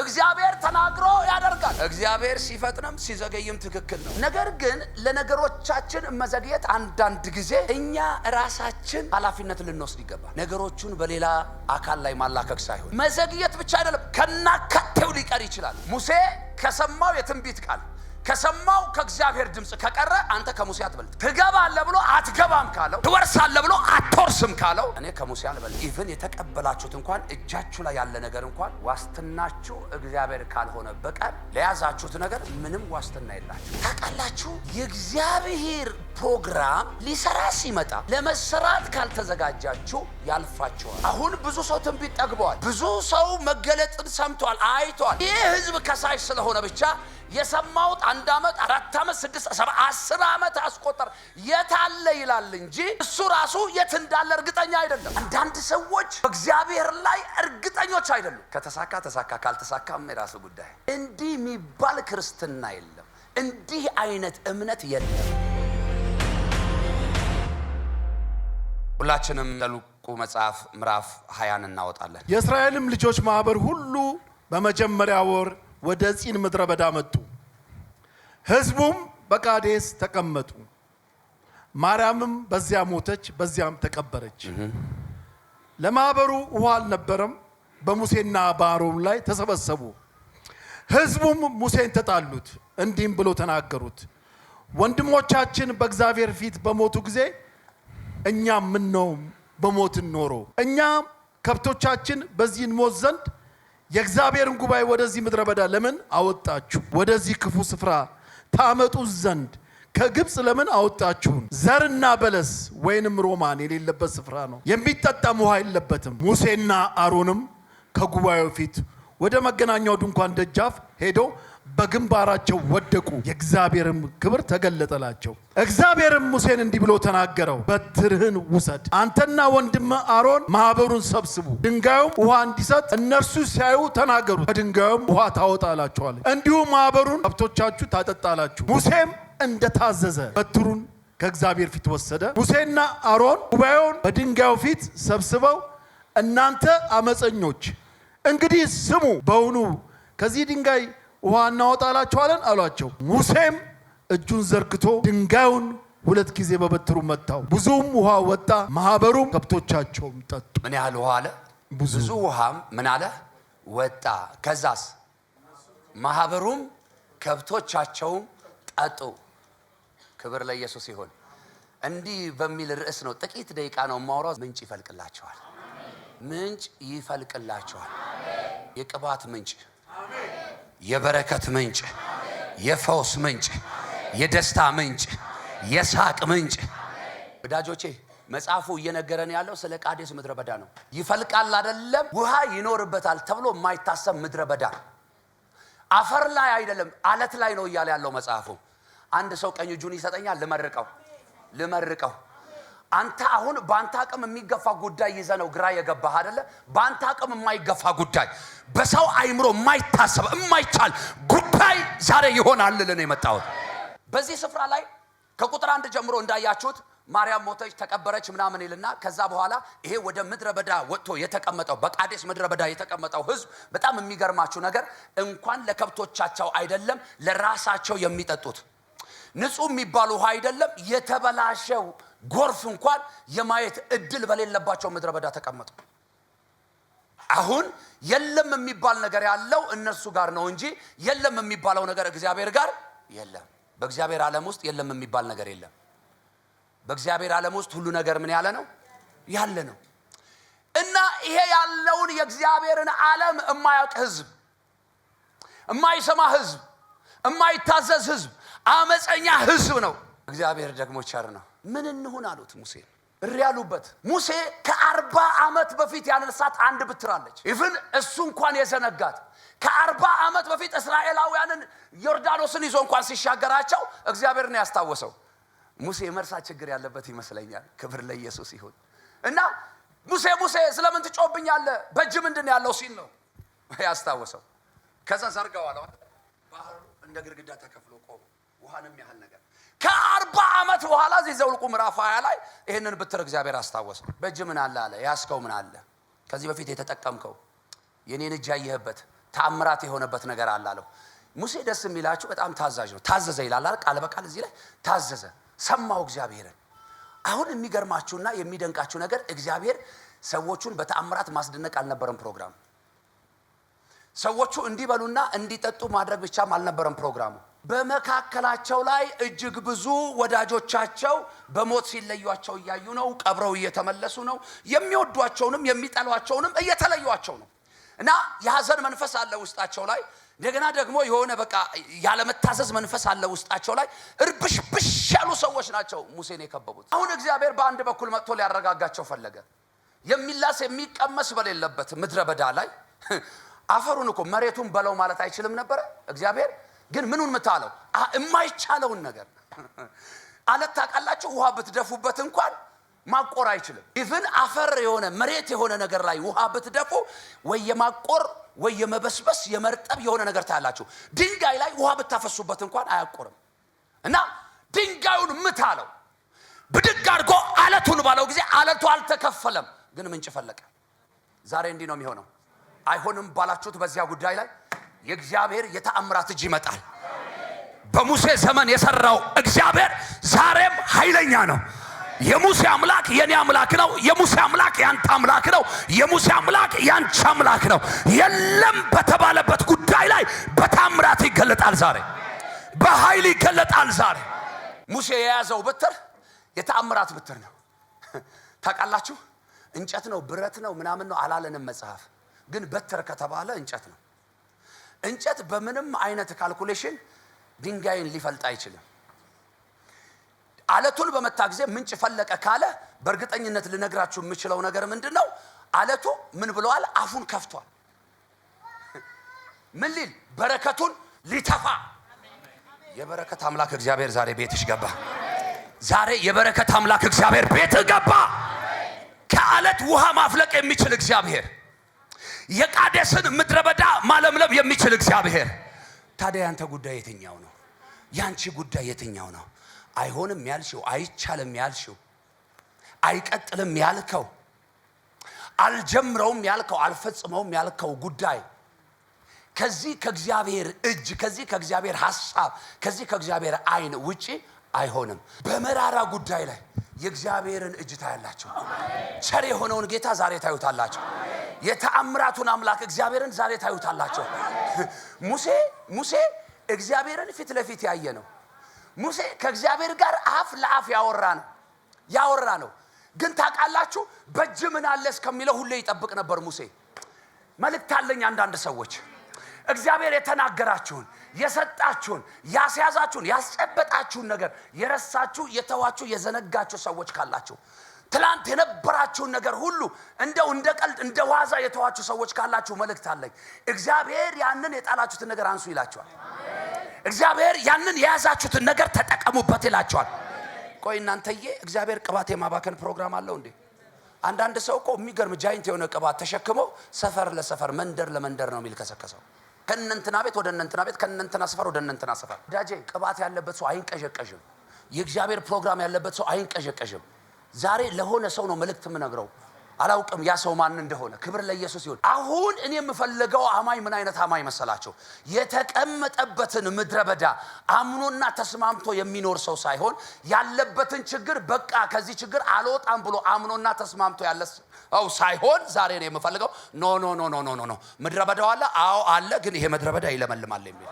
እግዚአብሔር ተናግሮ ያደርጋል። እግዚአብሔር ሲፈጥንም ሲዘገይም ትክክል ነው። ነገር ግን ለነገሮቻችን መዘግየት አንዳንድ ጊዜ እኛ ራሳችን ኃላፊነት ልንወስድ ይገባል። ነገሮቹን በሌላ አካል ላይ ማላከክ ሳይሆን መዘግየት ብቻ አይደለም፣ ከናካቴው ሊቀር ይችላል። ሙሴ ከሰማው የትንቢት ቃል ከሰማው ከእግዚአብሔር ድምፅ ከቀረ አንተ ከሙሴ አትበልጥ። ትገባለህ ብሎ አትገባም ካለው፣ ትወርሳለህ ብሎ አትወርስም ካለው እኔ ከሙሴ አልበልጥ። ኢቭን የተቀበላችሁት እንኳን እጃችሁ ላይ ያለ ነገር እንኳን ዋስትናችሁ እግዚአብሔር ካልሆነ በቀር ለያዛችሁት ነገር ምንም ዋስትና የላችሁ። ታውቃላችሁ፣ የእግዚአብሔር ፕሮግራም ሊሰራ ሲመጣ ለመሰራት ካልተዘጋጃችሁ ያልፋችኋል። አሁን ብዙ ሰው ትንቢት ጠግበዋል። ብዙ ሰው መገለጥን ሰምቷል፣ አይቷል። ይህ ህዝብ ከሳሽ ስለሆነ ብቻ የሰማሁት አንድ ዓመት አራት ዓመት ስድስት ሰባ አስር ዓመት አስቆጠር የታለ ይላል እንጂ እሱ ራሱ የት እንዳለ እርግጠኛ አይደለም። አንዳንድ ሰዎች በእግዚአብሔር ላይ እርግጠኞች አይደሉም። ከተሳካ ተሳካ፣ ካልተሳካም የራሱ ጉዳይ። እንዲህ የሚባል ክርስትና የለም። እንዲህ አይነት እምነት የለም። ሁላችንም ዘኍልቍ መጽሐፍ ምዕራፍ ሀያን እናወጣለን። የእስራኤልም ልጆች ማህበር ሁሉ በመጀመሪያ ወር ወደ ጺን ምድረ በዳ መጡ። ህዝቡም በቃዴስ ተቀመጡ። ማርያምም በዚያ ሞተች፣ በዚያም ተቀበረች። ለማህበሩ ውሃ አልነበረም። በሙሴና በአሮን ላይ ተሰበሰቡ። ህዝቡም ሙሴን ተጣሉት፣ እንዲህም ብሎ ተናገሩት፣ ወንድሞቻችን በእግዚአብሔር ፊት በሞቱ ጊዜ እኛ ምነው በሞትን ኖሮ እኛ ከብቶቻችን በዚህ እንሞት ዘንድ የእግዚአብሔርን ጉባኤ ወደዚህ ምድረ በዳ ለምን አወጣችሁ? ወደዚህ ክፉ ስፍራ ታመጡ ዘንድ ከግብፅ ለምን አወጣችሁን? ዘርና በለስ ወይንም ሮማን የሌለበት ስፍራ ነው። የሚጠጣም ውሃ የለበትም። ሙሴና አሮንም ከጉባኤው ፊት ወደ መገናኛው ድንኳን ደጃፍ ሄደው በግንባራቸው ወደቁ። የእግዚአብሔርም ክብር ተገለጠላቸው። እግዚአብሔርም ሙሴን እንዲህ ብሎ ተናገረው፣ በትርህን ውሰድ፣ አንተና ወንድም አሮን ማኅበሩን ሰብስቡ፣ ድንጋዩም ውሃ እንዲሰጥ እነርሱ ሲያዩ ተናገሩት። ከድንጋዩም ውሃ ታወጣላችኋል፣ እንዲሁም ማኅበሩን ከብቶቻችሁ ታጠጣላችሁ። ሙሴም እንደታዘዘ በትሩን ከእግዚአብሔር ፊት ወሰደ። ሙሴና አሮን ጉባኤውን በድንጋዩ ፊት ሰብስበው እናንተ አመፀኞች እንግዲህ ስሙ፣ በውኑ ከዚህ ድንጋይ ውሃ እናወጣላችኋለን አሏቸው። ሙሴም እጁን ዘርግቶ ድንጋዩን ሁለት ጊዜ በበትሩ መታው፣ ብዙም ውሃ ወጣ፣ ማህበሩም ከብቶቻቸውም ጠጡ። ምን ያህል ውሃ አለ? ብዙ ውሃም ምን አለ? ወጣ። ከዛስ ማህበሩም ከብቶቻቸውም ጠጡ። ክብር ለኢየሱስ ይሁን። እንዲህ በሚል ርዕስ ነው። ጥቂት ደቂቃ ነው ማውራው። ምንጭ ይፈልቅላቸዋል። ምንጭ ይፈልቅላቸዋል። የቅባት ምንጭ፣ የበረከት ምንጭ፣ የፈውስ ምንጭ፣ የደስታ ምንጭ፣ የሳቅ ምንጭ። ወዳጆቼ መጽሐፉ እየነገረን ያለው ስለ ቃዴስ ምድረ በዳ ነው። ይፈልቃል አይደለም፣ ውሃ ይኖርበታል ተብሎ የማይታሰብ ምድረ በዳ አፈር ላይ አይደለም አለት ላይ ነው እያለ ያለው መጽሐፉ። አንድ ሰው ቀኝ እጁን ይሰጠኛል፣ ልመርቀው ልመርቀው አንተ አሁን በአንተ አቅም የሚገፋ ጉዳይ ይዘ ነው ግራ የገባህ አደለ? በአንተ አቅም የማይገፋ ጉዳይ፣ በሰው አይምሮ የማይታሰብ የማይቻል ጉዳይ ዛሬ ይሆናል ልን የመጣሁት። በዚህ ስፍራ ላይ ከቁጥር አንድ ጀምሮ እንዳያችሁት ማርያም ሞተች፣ ተቀበረች ምናምን ይልና ከዛ በኋላ ይሄ ወደ ምድረ በዳ ወጥቶ የተቀመጠው በቃዴስ ምድረ በዳ የተቀመጠው ህዝብ በጣም የሚገርማችሁ ነገር እንኳን ለከብቶቻቸው አይደለም ለራሳቸው የሚጠጡት ንጹህ የሚባል ውሃ አይደለም የተበላሸው ጎርፍ እንኳን የማየት እድል በሌለባቸው ምድረ በዳ ተቀመጡ። አሁን የለም የሚባል ነገር ያለው እነሱ ጋር ነው እንጂ የለም የሚባለው ነገር እግዚአብሔር ጋር የለም። በእግዚአብሔር ዓለም ውስጥ የለም የሚባል ነገር የለም። በእግዚአብሔር ዓለም ውስጥ ሁሉ ነገር ምን ያለ ነው ያለ ነው እና ይሄ ያለውን የእግዚአብሔርን ዓለም የማያውቅ ህዝብ፣ የማይሰማ ህዝብ፣ የማይታዘዝ ህዝብ፣ አመፀኛ ህዝብ ነው። እግዚአብሔር ደግሞ ቸር ነው። ምን እንሆን አሉት ሙሴ እሪ ያሉበት ሙሴ ከአርባ ዓመት በፊት ያነሳት አንድ ብትር አለች። ኢቭን እሱ እንኳን የዘነጋት ከአርባ ዓመት በፊት እስራኤላውያንን ዮርዳኖስን ይዞ እንኳን ሲሻገራቸው እግዚአብሔር ነው ያስታወሰው። ሙሴ መርሳ ችግር ያለበት ይመስለኛል። ክብር ለኢየሱስ ይሁን እና ሙሴ ሙሴ ስለምን ትጮብኛለ በእጅ ምንድን ያለው ሲል ነው ያስታወሰው። ከዛ ዘርጋዋለዋል። ባህሩ እንደ ግድግዳ ተከፍሎ ቆሙ። ውሃንም ያህል ነገር ከአርባ ዓመት በኋላ እዚህ ዘውልቁ ምዕራፍ ሀያ ላይ ይህንን ብትር እግዚአብሔር አስታወሰ። በእጅ ምን አለ አለ ያስከው ምን አለ ከዚህ በፊት የተጠቀምከው የኔን እጅ ያየህበት ተአምራት የሆነበት ነገር አለ አለው። ሙሴ ደስ የሚላችሁ በጣም ታዛዥ ነው። ታዘዘ ይላል ቃል በቃል እዚህ ላይ ታዘዘ፣ ሰማው እግዚአብሔርን። አሁን የሚገርማችሁና የሚደንቃችሁ ነገር እግዚአብሔር ሰዎቹን በተአምራት ማስደነቅ አልነበረም ፕሮግራም ሰዎቹ እንዲበሉና እንዲጠጡ ማድረግ ብቻም አልነበረም ፕሮግራሙ በመካከላቸው ላይ እጅግ ብዙ ወዳጆቻቸው በሞት ሲለዩቸው እያዩ ነው። ቀብረው እየተመለሱ ነው። የሚወዷቸውንም የሚጠሏቸውንም እየተለዩቸው ነው እና የሀዘን መንፈስ አለ ውስጣቸው ላይ። እንደገና ደግሞ የሆነ በቃ ያለመታዘዝ መንፈስ አለ ውስጣቸው ላይ። እርብሽብሽ ያሉ ሰዎች ናቸው ሙሴን የከበቡት። አሁን እግዚአብሔር በአንድ በኩል መጥቶ ሊያረጋጋቸው ፈለገ። የሚላስ የሚቀመስ በሌለበት ምድረ በዳ ላይ አፈሩን እኮ መሬቱን በለው ማለት አይችልም ነበረ እግዚአብሔር ግን ምኑን ምታለው? የማይቻለውን ነገር አለት ታውቃላችሁ፣ ውሃ ብትደፉበት እንኳን ማቆር አይችልም። ኢቭን አፈር የሆነ መሬት የሆነ ነገር ላይ ውሃ ብትደፉ ወይ የማቆር ወይ የመበስበስ የመርጠብ የሆነ ነገር ታያላችሁ። ድንጋይ ላይ ውሃ ብታፈሱበት እንኳን አያቆርም እና ድንጋዩን ምታለው ብድግ አድርጎ አለቱን ባለው ጊዜ አለቱ አልተከፈለም፣ ግን ምንጭ ፈለቀ። ዛሬ እንዲህ ነው የሚሆነው። አይሆንም ባላችሁት በዚያ ጉዳይ ላይ የእግዚአብሔር የተአምራት እጅ ይመጣል። በሙሴ ዘመን የሰራው እግዚአብሔር ዛሬም ኃይለኛ ነው። የሙሴ አምላክ የኔ አምላክ ነው። የሙሴ አምላክ ያንተ አምላክ ነው። የሙሴ አምላክ ያንቺ አምላክ ነው። የለም በተባለበት ጉዳይ ላይ በታምራት ይገለጣል። ዛሬ በኃይል ይገለጣል። ዛሬ ሙሴ የያዘው በትር የተአምራት በትር ነው። ታውቃላችሁ፣ እንጨት ነው ብረት ነው ምናምን ነው አላለንም መጽሐፍ። ግን በትር ከተባለ እንጨት ነው። እንጨት በምንም አይነት ካልኩሌሽን ድንጋይን ሊፈልጥ አይችልም። አለቱን በመታ ጊዜ ምንጭ ፈለቀ ካለ በእርግጠኝነት ልነግራችሁ የምችለው ነገር ምንድን ነው? አለቱ ምን ብለዋል? አፉን ከፍቷል። ምን ሊል በረከቱን ሊተፋ። የበረከት አምላክ እግዚአብሔር ዛሬ ቤትሽ ገባ። ዛሬ የበረከት አምላክ እግዚአብሔር ቤት ገባ። ከአለት ውሃ ማፍለቅ የሚችል እግዚአብሔር የቃዴስን ምድረ በዳ ማለምለም የሚችል እግዚአብሔር። ታዲያ ያንተ ጉዳይ የትኛው ነው? ያንቺ ጉዳይ የትኛው ነው? አይሆንም ያልሽው፣ አይቻልም ያልሽው፣ አይቀጥልም ያልከው፣ አልጀምረውም ያልከው፣ አልፈጽመውም ያልከው ጉዳይ ከዚህ ከእግዚአብሔር እጅ ከዚህ ከእግዚአብሔር ሐሳብ ከዚህ ከእግዚአብሔር አይን ውጪ አይሆንም። በመራራ ጉዳይ ላይ የእግዚአብሔርን እጅ ታያላችሁ። ቸር የሆነውን ጌታ ዛሬ ታዩታላችሁ። የተአምራቱን አምላክ እግዚአብሔርን ዛሬ ታዩታላቸው። ሙሴ ሙሴ እግዚአብሔርን ፊት ለፊት ያየ ነው። ሙሴ ከእግዚአብሔር ጋር አፍ ለአፍ ያወራ ነው ያወራ ነው። ግን ታውቃላችሁ በእጅ ምን አለ እስከሚለው ሁሌ ይጠብቅ ነበር ሙሴ። መልእክት አለኝ አንዳንድ ሰዎች እግዚአብሔር የተናገራችሁን የሰጣችሁን ያስያዛችሁን ያስጨበጣችሁን ነገር የረሳችሁ የተዋችሁ የዘነጋችሁ ሰዎች ካላችሁ ትላንት የነበራችሁን ነገር ሁሉ እንደው እንደ ቀልድ እንደ ዋዛ የተዋችሁ ሰዎች ካላችሁ መልእክት አለኝ። እግዚአብሔር ያንን የጣላችሁትን ነገር አንሱ ይላችኋል። እግዚአብሔር ያንን የያዛችሁትን ነገር ተጠቀሙበት ይላችኋል። ቆይ እናንተዬ፣ እግዚአብሔር ቅባት የማባከን ፕሮግራም አለው እንዴ? አንዳንድ ሰው እኮ የሚገርም ጃይንት የሆነ ቅባት ተሸክመው ሰፈር ለሰፈር መንደር ለመንደር ነው የሚል ከሰከሰው ከእነንትና ቤት ወደ እነንትና ቤት ከእነንትና ሰፈር ወደ እነንትና ሰፈር። ዳጄ ቅባት ያለበት ሰው አይንቀዠቀዥም። የእግዚአብሔር ፕሮግራም ያለበት ሰው አይንቀዠቀዥም። ዛሬ ለሆነ ሰው ነው መልእክት የምነግረው። አላውቅም ያ ሰው ማን እንደሆነ። ክብር ለኢየሱስ ይሁን። አሁን እኔ የምፈልገው አማኝ ምን አይነት አማኝ መሰላቸው? የተቀመጠበትን ምድረ በዳ አምኖና ተስማምቶ የሚኖር ሰው ሳይሆን ያለበትን ችግር በቃ ከዚህ ችግር አልወጣም ብሎ አምኖና ተስማምቶ ያለ ው ሳይሆን ዛሬ ነው የምፈልገው። ኖ ኖ ኖ ኖ ኖ ኖ ምድረ በዳው አለ። አዎ አለ፣ ግን ይሄ ምድረ በዳ ይለመልማል የሚል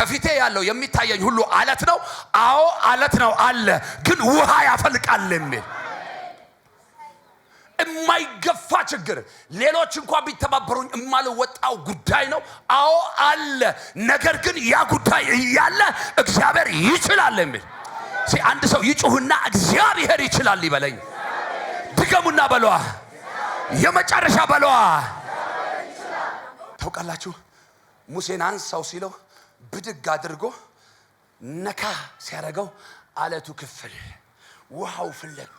ከፊቴ ያለው የሚታየኝ ሁሉ አለት ነው። አዎ አለት ነው አለ፣ ግን ውሃ ያፈልቃል የሚል የማይገፋ ችግር ሌሎች እንኳ ቢተባበሩኝ የማልወጣው ጉዳይ ነው። አዎ አለ፣ ነገር ግን ያ ጉዳይ እያለ እግዚአብሔር ይችላል የሚል አንድ ሰው ይጩህና እግዚአብሔር ይችላል ይበለኝ። ድገሙና በሏ፣ የመጨረሻ በሏ። ታውቃላችሁ ሙሴን አንሳው ሲለው ብድግ አድርጎ ነካ ሲያደርገው አለቱ ክፍል፣ ውሃው ፍለቅ።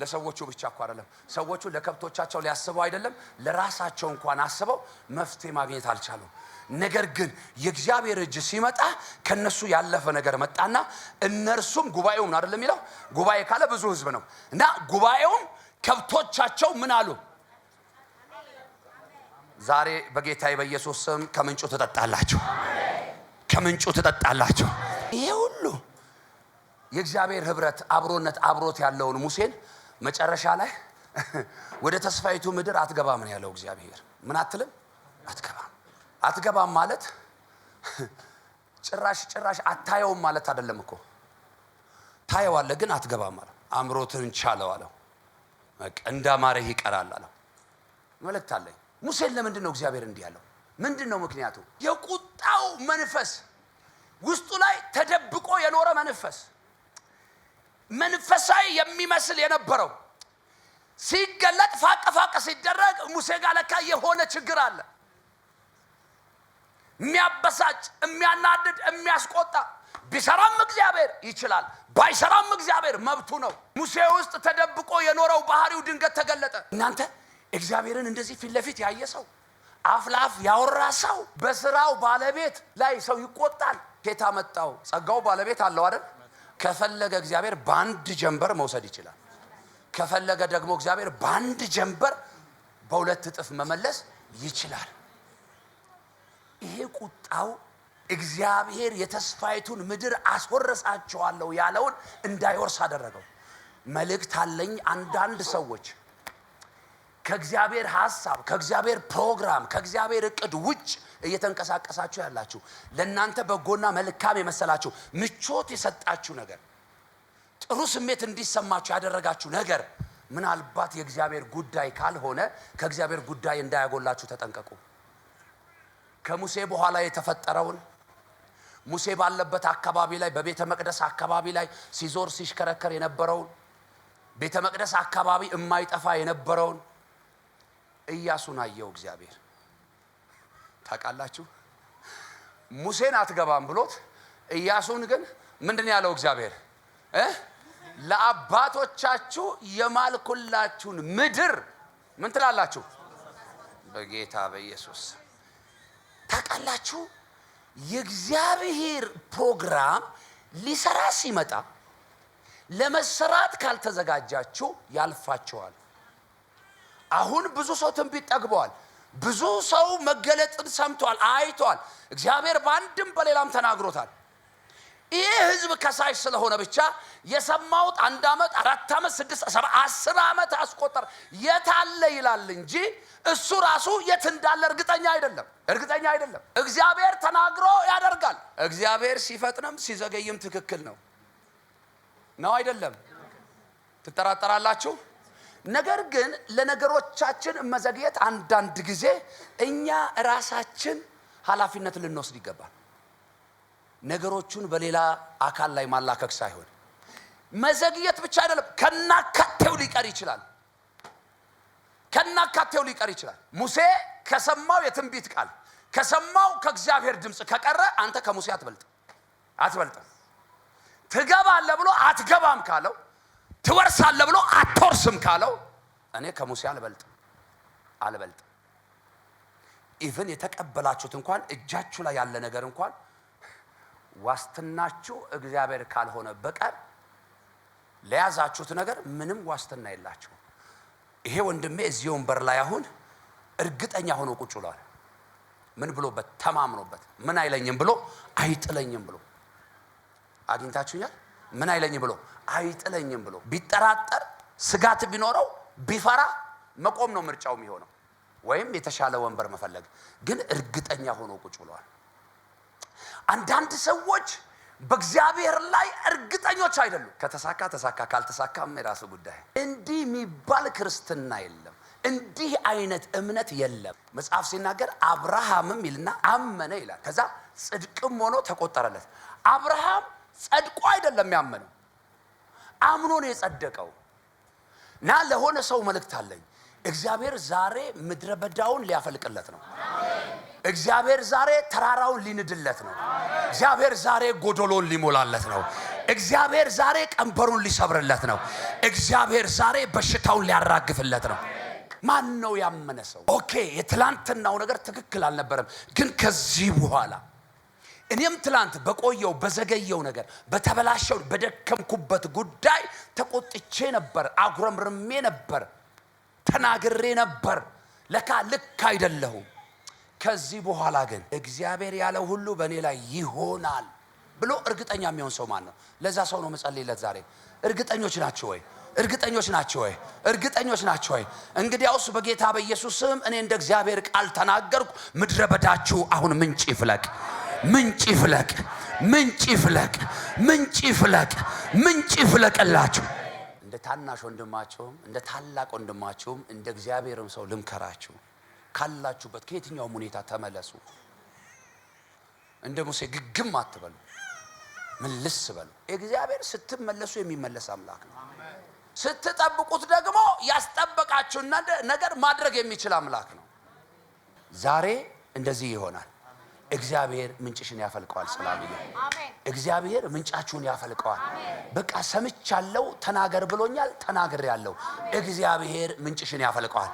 ለሰዎቹ ብቻ እኮ አይደለም። ሰዎቹ ለከብቶቻቸው ሊያስበው አይደለም፣ ለራሳቸው እንኳን አስበው መፍትሄ ማግኘት አልቻሉም። ነገር ግን የእግዚአብሔር እጅ ሲመጣ ከነሱ ያለፈ ነገር መጣና እነርሱም ጉባኤውም ነው አይደለም የሚለው። ጉባኤ ካለ ብዙ ህዝብ ነው እና ጉባኤውም ከብቶቻቸው ምን አሉ? ዛሬ በጌታ በኢየሱስ ስም ከምንጩ ትጠጣላችሁ፣ ከምንጩ ትጠጣላችሁ። ይሄ ሁሉ የእግዚአብሔር ህብረት አብሮነት አብሮት ያለውን ሙሴን መጨረሻ ላይ ወደ ተስፋይቱ ምድር አትገባም ነው ያለው እግዚአብሔር። ምን አትልም? አትገባም። አትገባም ማለት ጭራሽ ጭራሽ አታየውም ማለት አይደለም እኮ ታየዋለህ፣ ግን አትገባም ማለት አእምሮትን ቻለው አለው። እንዳማረህ ይቀራል አለው። መልእክት አለኝ። ሙሴን ለምንድን ነው እግዚአብሔር እንዲህ ያለው? ምንድን ነው ምክንያቱ? የቁጣው መንፈስ ውስጡ ላይ ተደብቆ የኖረ መንፈስ መንፈሳዊ የሚመስል የነበረው ሲገለጥ ፋቀ ፋቀ ሲደረግ ሙሴ ጋር ለካ የሆነ ችግር አለ። የሚያበሳጭ፣ የሚያናድድ፣ የሚያስቆጣ ቢሰራም እግዚአብሔር ይችላል፣ ባይሰራም እግዚአብሔር መብቱ ነው። ሙሴ ውስጥ ተደብቆ የኖረው ባህሪው ድንገት ተገለጠ። እናንተ እግዚአብሔርን እንደዚህ ፊት ለፊት ያየ ሰው አፍ ለአፍ ያወራ ሰው በስራው ባለቤት ላይ ሰው ይቆጣል። ጌታ መጣው ጸጋው ባለቤት አለው አይደል? ከፈለገ እግዚአብሔር በአንድ ጀንበር መውሰድ ይችላል። ከፈለገ ደግሞ እግዚአብሔር በአንድ ጀንበር በሁለት እጥፍ መመለስ ይችላል። ይሄ ቁጣው እግዚአብሔር የተስፋይቱን ምድር አስወርሳቸዋለሁ ያለውን እንዳይወርስ አደረገው። መልእክት አለኝ አንዳንድ ሰዎች ከእግዚአብሔር ሐሳብ፣ ከእግዚአብሔር ፕሮግራም፣ ከእግዚአብሔር እቅድ ውጭ እየተንቀሳቀሳችሁ ያላችሁ ለእናንተ በጎና መልካም የመሰላችሁ ምቾት የሰጣችሁ ነገር፣ ጥሩ ስሜት እንዲሰማችሁ ያደረጋችሁ ነገር ምናልባት የእግዚአብሔር ጉዳይ ካልሆነ ከእግዚአብሔር ጉዳይ እንዳያጎላችሁ ተጠንቀቁ። ከሙሴ በኋላ የተፈጠረውን ሙሴ ባለበት አካባቢ ላይ በቤተ መቅደስ አካባቢ ላይ ሲዞር ሲሽከረከር የነበረውን ቤተ መቅደስ አካባቢ የማይጠፋ የነበረውን እያሱን አየው እግዚአብሔር። ታውቃላችሁ ሙሴን አትገባም ብሎት እያሱን ግን ምንድን ያለው እግዚአብሔር ለአባቶቻችሁ የማልኩላችሁን ምድር ምን ትላላችሁ? በጌታ በኢየሱስ ታውቃላችሁ የእግዚአብሔር ፕሮግራም ሊሰራ ሲመጣ ለመሰራት ካልተዘጋጃችሁ ያልፋችኋል። አሁን ብዙ ሰው ትንቢት ጠግበዋል። ብዙ ሰው መገለጥን ሰምቷል፣ አይቷል። እግዚአብሔር በአንድም በሌላም ተናግሮታል። ይህ ህዝብ ከሳሽ ስለሆነ ብቻ የሰማሁት አንድ ዓመት አራት ዓመት ስድስት ሰ አስር ዓመት አስቆጠር የታለ ይላል እንጂ እሱ ራሱ የት እንዳለ እርግጠኛ አይደለም፣ እርግጠኛ አይደለም። እግዚአብሔር ተናግሮ ያደርጋል። እግዚአብሔር ሲፈጥንም ሲዘገይም ትክክል ነው ነው አይደለም? ትጠራጠራላችሁ? ነገር ግን ለነገሮቻችን መዘግየት አንዳንድ ጊዜ እኛ ራሳችን ኃላፊነት ልንወስድ ይገባል። ነገሮቹን በሌላ አካል ላይ ማላከክ ሳይሆን መዘግየት ብቻ አይደለም፣ ከናካቴው ሊቀር ይችላል። ከናካቴው ሊቀር ይችላል። ሙሴ ከሰማው የትንቢት ቃል ከሰማው ከእግዚአብሔር ድምፅ ከቀረ አንተ ከሙሴ አትበልጥ አትበልጥም። ትገባለህ ብሎ አትገባም ካለው ትወርሳለህ ብሎ አትወርስም ካለው እኔ ከሙሴ አልበልጥ አልበልጥ ኢቭን የተቀበላችሁት እንኳን እጃችሁ ላይ ያለ ነገር እንኳን ዋስትናችሁ እግዚአብሔር ካልሆነ በቀር ለያዛችሁት ነገር ምንም ዋስትና የላችሁ። ይሄ ወንድሜ እዚህ ወንበር ላይ አሁን እርግጠኛ ሆኖ ቁጭ ብሏል። ምን ብሎበት ተማምኖበት ምን አይለኝም ብሎ አይጥለኝም ብሎ አግኝታችሁኛል። ምን አይለኝም ብሎ አይጥለኝም ብሎ ቢጠራጠር፣ ስጋት ቢኖረው፣ ቢፈራ መቆም ነው ምርጫው የሚሆነው ወይም የተሻለ ወንበር መፈለግ። ግን እርግጠኛ ሆኖ ቁጭ ብለዋል። አንዳንድ ሰዎች በእግዚአብሔር ላይ እርግጠኞች አይደሉም። ከተሳካ ተሳካ፣ ካልተሳካም የራሱ ጉዳይ። እንዲህ የሚባል ክርስትና የለም። እንዲህ አይነት እምነት የለም። መጽሐፍ ሲናገር አብርሃምም ይልና አመነ ይላል። ከዛ ጽድቅም ሆኖ ተቆጠረለት። አብርሃም ጸድቆ አይደለም ያመነው አምኖ ነው የጸደቀው። እና ለሆነ ሰው መልእክት አለኝ። እግዚአብሔር ዛሬ ምድረ በዳውን ሊያፈልቅለት ነው። እግዚአብሔር ዛሬ ተራራውን ሊንድለት ነው። እግዚአብሔር ዛሬ ጎዶሎን ሊሞላለት ነው። እግዚአብሔር ዛሬ ቀንበሩን ሊሰብርለት ነው። እግዚአብሔር ዛሬ በሽታውን ሊያራግፍለት ነው። ማን ነው ያመነ ሰው? ኦኬ፣ የትላንትናው ነገር ትክክል አልነበረም፣ ግን ከዚህ በኋላ እኔም ትላንት በቆየው በዘገየው ነገር በተበላሸው በደከምኩበት ጉዳይ ተቆጥቼ ነበር፣ አጉረምርሜ ነበር፣ ተናግሬ ነበር። ለካ ልክ አይደለሁም። ከዚህ በኋላ ግን እግዚአብሔር ያለው ሁሉ በእኔ ላይ ይሆናል ብሎ እርግጠኛ የሚሆን ሰው ማን ነው? ለዛ ሰው ነው መጸልይለት ዛሬ። እርግጠኞች ናቸው ወይ? እርግጠኞች ናቸው ወይ? እርግጠኞች ናቸው ወይ? እንግዲያውስ በጌታ በኢየሱስ ስም እኔ እንደ እግዚአብሔር ቃል ተናገርኩ። ምድረ በዳችሁ አሁን ምንጭ ይፍለቅ። ምንጭ ይፍለቅ፣ ምንጭ ይፍለቅ፣ ምንጭ ይፍለቅ፣ ምንጭ ይፍለቅላችሁ። እንደ ታናሽ ወንድማችሁም እንደ ታላቅ ወንድማችሁም እንደ እግዚአብሔርም ሰው ልምከራችሁ፣ ካላችሁበት ከየትኛውም ሁኔታ ተመለሱ። እንደ ሙሴ ግግም አትበሉ፣ ምልስ በሉ። እግዚአብሔር ስትመለሱ የሚመለስ አምላክ ነው። ስትጠብቁት ደግሞ ያስጠበቃችሁን ነገር ማድረግ የሚችል አምላክ ነው። ዛሬ እንደዚህ ይሆናል። እግዚአብሔር ምንጭሽን ያፈልቀዋል ስላሉ እግዚአብሔር ምንጫችሁን ያፈልቀዋል። በቃ ሰምቻለሁ፣ ተናገር ብሎኛል፣ ተናግሬያለሁ። እግዚአብሔር ምንጭሽን ያፈልቀዋል።